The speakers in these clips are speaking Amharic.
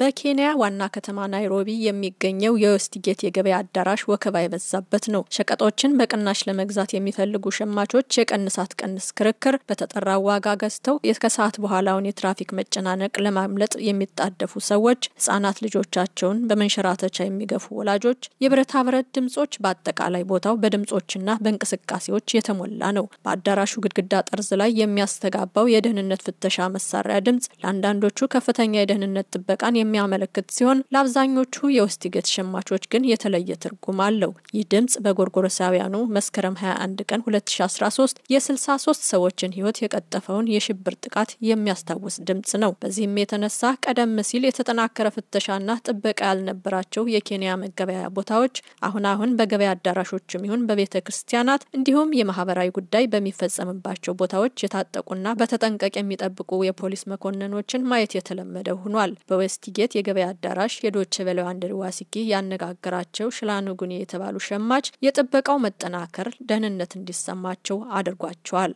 በኬንያ ዋና ከተማ ናይሮቢ የሚገኘው የዌስትጌት የገበያ አዳራሽ ወከባ የበዛበት ነው። ሸቀጦችን በቅናሽ ለመግዛት የሚፈልጉ ሸማቾች የቀንሳት ቀንስ ክርክር በተጠራው ዋጋ ገዝተው ከሰዓት በኋላውን የትራፊክ መጨናነቅ ለማምለጥ የሚጣደፉ ሰዎች፣ ህጻናት ልጆቻቸውን በመንሸራተቻ የሚገፉ ወላጆች፣ የብረታ ብረት ድምጾች፣ በአጠቃላይ ቦታው በድምጾችና በእንቅስቃሴዎች የተሞላ ነው። በአዳራሹ ግድግዳ ጠርዝ ላይ የሚያስተጋባው የደህንነት ፍተሻ መሳሪያ ድምጽ ለአንዳንዶቹ ከፍተኛ የደህንነት ጥበቃን የሚያመለክት ሲሆን ለአብዛኞቹ የውስቲጌት ሸማቾች ግን የተለየ ትርጉም አለው። ይህ ድምፅ በጎርጎረሳውያኑ መስከረም 21 ቀን 2013 የ63 ሰዎችን ሕይወት የቀጠፈውን የሽብር ጥቃት የሚያስታውስ ድምፅ ነው። በዚህም የተነሳ ቀደም ሲል የተጠናከረ ፍተሻና ጥበቃ ያልነበራቸው የኬንያ መገበያ ቦታዎች አሁን አሁን በገበያ አዳራሾችም ይሁን በቤተ ክርስቲያናት እንዲሁም የማህበራዊ ጉዳይ በሚፈጸምባቸው ቦታዎች የታጠቁና በተጠንቀቅ የሚጠብቁ የፖሊስ መኮንኖችን ማየት የተለመደ ሆኗል። በዌስት ሙሉጌት የገበያ አዳራሽ የዶች ቬለ አንድር ዋሲኪ ያነጋገራቸው ሽላኑጉኒ የተባሉ ሸማች የጥበቃው መጠናከር ደህንነት እንዲሰማቸው አድርጓቸዋል።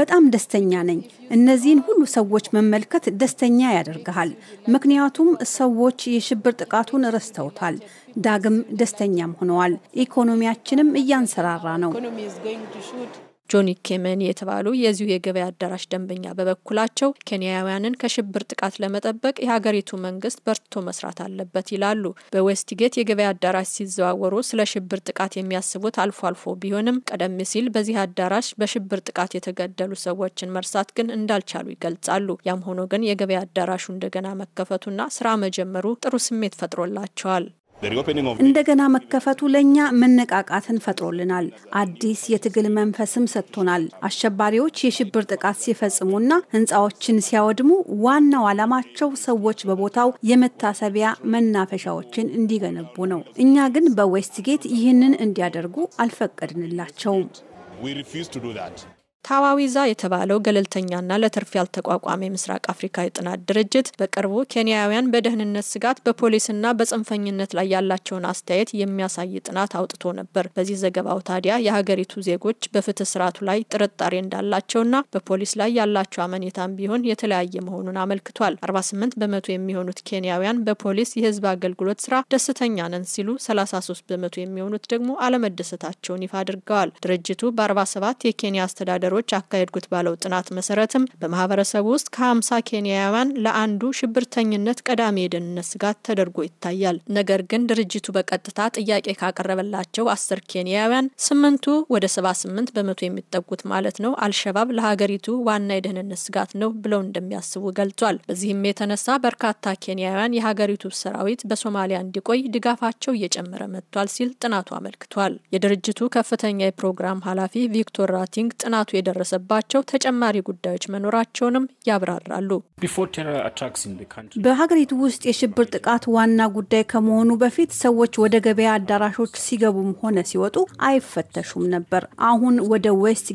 በጣም ደስተኛ ነኝ። እነዚህን ሁሉ ሰዎች መመልከት ደስተኛ ያደርግሃል። ምክንያቱም ሰዎች የሽብር ጥቃቱን ረስተውታል፣ ዳግም ደስተኛም ሆነዋል። ኢኮኖሚያችንም እያንሰራራ ነው። ጆኒ ኬመን የተባሉ የዚሁ የገበያ አዳራሽ ደንበኛ በበኩላቸው ኬንያውያንን ከሽብር ጥቃት ለመጠበቅ የሀገሪቱ መንግስት በርትቶ መስራት አለበት ይላሉ። በዌስትጌት የገበያ አዳራሽ ሲዘዋወሩ ስለ ሽብር ጥቃት የሚያስቡት አልፎ አልፎ ቢሆንም ቀደም ሲል በዚህ አዳራሽ በሽብር ጥቃት የተገደሉ ሰዎችን መርሳት ግን እንዳልቻሉ ይገልጻሉ። ያም ሆኖ ግን የገበያ አዳራሹ እንደገና መከፈቱና ስራ መጀመሩ ጥሩ ስሜት ፈጥሮላቸዋል። እንደገና መከፈቱ ለእኛ መነቃቃትን ፈጥሮልናል። አዲስ የትግል መንፈስም ሰጥቶናል። አሸባሪዎች የሽብር ጥቃት ሲፈጽሙና ህንፃዎችን ሲያወድሙ ዋናው ዓላማቸው ሰዎች በቦታው የመታሰቢያ መናፈሻዎችን እንዲገነቡ ነው። እኛ ግን በዌስትጌት ይህንን እንዲያደርጉ አልፈቀድንላቸውም። ታዋዊዛ የተባለው ገለልተኛና ለትርፍ ያልተቋቋመ የምስራቅ አፍሪካ የጥናት ድርጅት በቅርቡ ኬንያውያን በደህንነት ስጋት በፖሊስና በጽንፈኝነት ላይ ያላቸውን አስተያየት የሚያሳይ ጥናት አውጥቶ ነበር። በዚህ ዘገባው ታዲያ የሀገሪቱ ዜጎች በፍትህ ስርዓቱ ላይ ጥርጣሬ እንዳላቸውና በፖሊስ ላይ ያላቸው አመኔታም ቢሆን የተለያየ መሆኑን አመልክቷል። 48 በመቶ የሚሆኑት ኬንያውያን በፖሊስ የህዝብ አገልግሎት ስራ ደስተኛ ነን ሲሉ፣ 33 በመቶ የሚሆኑት ደግሞ አለመደሰታቸውን ይፋ አድርገዋል። ድርጅቱ በ47 የኬንያ አስተዳደር ሀገሮች ያካሄድኩት ባለው ጥናት መሰረትም በማህበረሰቡ ውስጥ ከ50 ኬንያውያን ለአንዱ ሽብርተኝነት ቀዳሚ የደህንነት ስጋት ተደርጎ ይታያል። ነገር ግን ድርጅቱ በቀጥታ ጥያቄ ካቀረበላቸው አስር ኬንያውያን ስምንቱ ወደ 78 በመቶ የሚጠጉት ማለት ነው አልሸባብ ለሀገሪቱ ዋና የደህንነት ስጋት ነው ብለው እንደሚያስቡ ገልጿል። በዚህም የተነሳ በርካታ ኬንያውያን የሀገሪቱ ሰራዊት በሶማሊያ እንዲቆይ ድጋፋቸው እየጨመረ መጥቷል ሲል ጥናቱ አመልክቷል። የድርጅቱ ከፍተኛ የፕሮግራም ኃላፊ ቪክቶር ራቲንግ ጥናቱ የደረሰባቸው ተጨማሪ ጉዳዮች መኖራቸውንም ያብራራሉ። በሀገሪቱ ውስጥ የሽብር ጥቃት ዋና ጉዳይ ከመሆኑ በፊት ሰዎች ወደ ገበያ አዳራሾች ሲገቡም ሆነ ሲወጡ አይፈተሹም ነበር። አሁን ወደ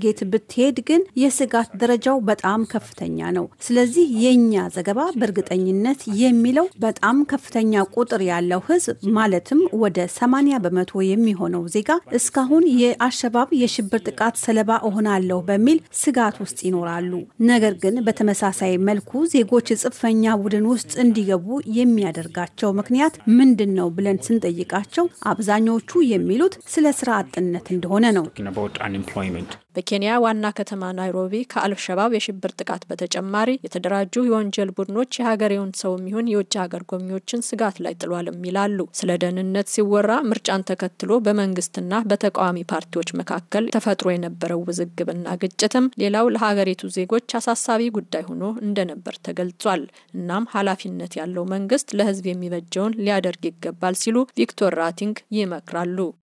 ጌት ብትሄድ ግን የስጋት ደረጃው በጣም ከፍተኛ ነው። ስለዚህ የእኛ ዘገባ በእርግጠኝነት የሚለው በጣም ከፍተኛ ቁጥር ያለው ህዝብ ማለትም ወደ 80 በመቶ የሚሆነው ዜጋ እስካሁን የአሸባብ የሽብር ጥቃት ሰለባ እሆናለሁ በሚል ስጋት ውስጥ ይኖራሉ። ነገር ግን በተመሳሳይ መልኩ ዜጎች የጽንፈኛ ቡድን ውስጥ እንዲገቡ የሚያደርጋቸው ምክንያት ምንድን ነው ብለን ስንጠይቃቸው አብዛኞቹ የሚሉት ስለ ስራ አጥነት እንደሆነ ነው። በኬንያ ዋና ከተማ ናይሮቢ ከአልሸባብ የሽብር ጥቃት በተጨማሪ የተደራጁ የወንጀል ቡድኖች የሀገሬውን ሰው የሚሆን የውጭ ሀገር ጎብኚዎችን ስጋት ላይ ጥሏልም ይላሉ። ስለ ደህንነት ሲወራ ምርጫን ተከትሎ በመንግስትና በተቃዋሚ ፓርቲዎች መካከል ተፈጥሮ የነበረው ውዝግብና ግጭትም ሌላው ለሀገሪቱ ዜጎች አሳሳቢ ጉዳይ ሆኖ እንደነበር ተገልጿል። እናም ኃላፊነት ያለው መንግስት ለህዝብ የሚበጀውን ሊያደርግ ይገባል ሲሉ ቪክቶር ራቲንግ ይመክራሉ።